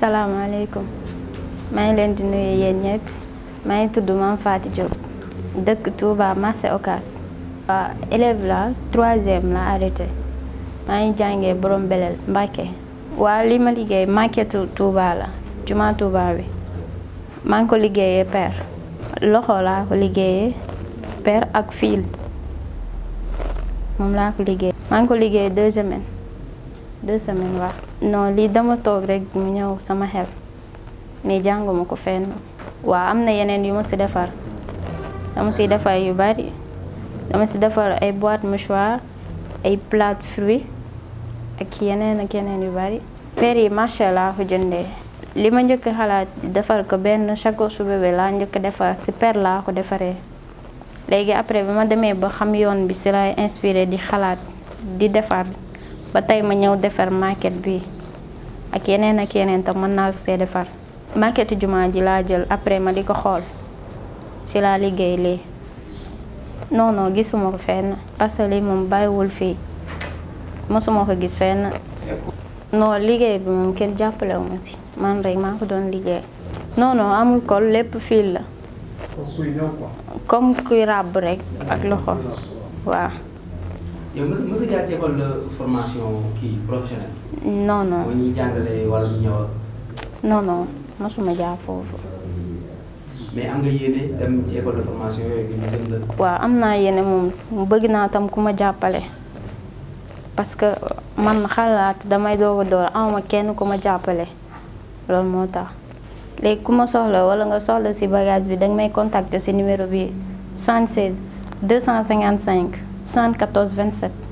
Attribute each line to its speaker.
Speaker 1: asalaamaaleykum maa ngi leen di nuyu yéen ñëpp maa ngi tudd Mame faati Diop dëkk Touba marché Ocass waa élève la troisième la arrêté maa ngi jàngee borom beleel Mbàkke waa li ma liggéey maquette Touba la juma Touba bi maa ngi ko liggéeyee per loxo laa ko liggéeyee per ak fiil moom laa ko liggéey maa ngi ko liggéey deux semaines deux semaines waaw. non lii dama toog rek mu ñëw sama xel mais jànguma ko fenn waaw am na yeneen yu ma ci defar dama si defar yu bari dama ci defar ay boîte mouchoir ay plate fruit ak yeneen ak yeneen yu bari per yi marché laa ko jëndee li ma njëkk xalaat defar ko benn chaque su bébé laa njëkk defar si per laa ko defaree léegi après ba ma demee ba xam yoon bi si lay inspire di xalaat di defar ba tey ma ñëw defar maquette bi ak yeneen ak yeneen tam mën naa see defar maquette jumaa ji laa jël après ma di ko xool ci laa liggéey lii non gisuma ko fenn parce que lii moom bàyyiwul fii mësuma ko gis fenn non liggéey bi moom kenn jàppalewu ma si man rek maa ko doon liggéey non non amul kol lépp fii la comme kuy ràbb rekk ak loxo waaw
Speaker 2: yow mës mës nga jaar ci de formation kii professionnelle.
Speaker 1: non non mooy ñuy jaar foofu.
Speaker 2: mais am nga yéene dem ci de formation yooyu ñu dem la.
Speaker 1: waaw am naa yéene moom bëgg naa tam ku ma jàppale parce que man xalaat damay doog a door awma kenn ku ma jàppale loolu moo tax léegi ku ma soxla wala nga soxla si bagage bi danga may contacter si numéro bi cent 76 255. 74 27.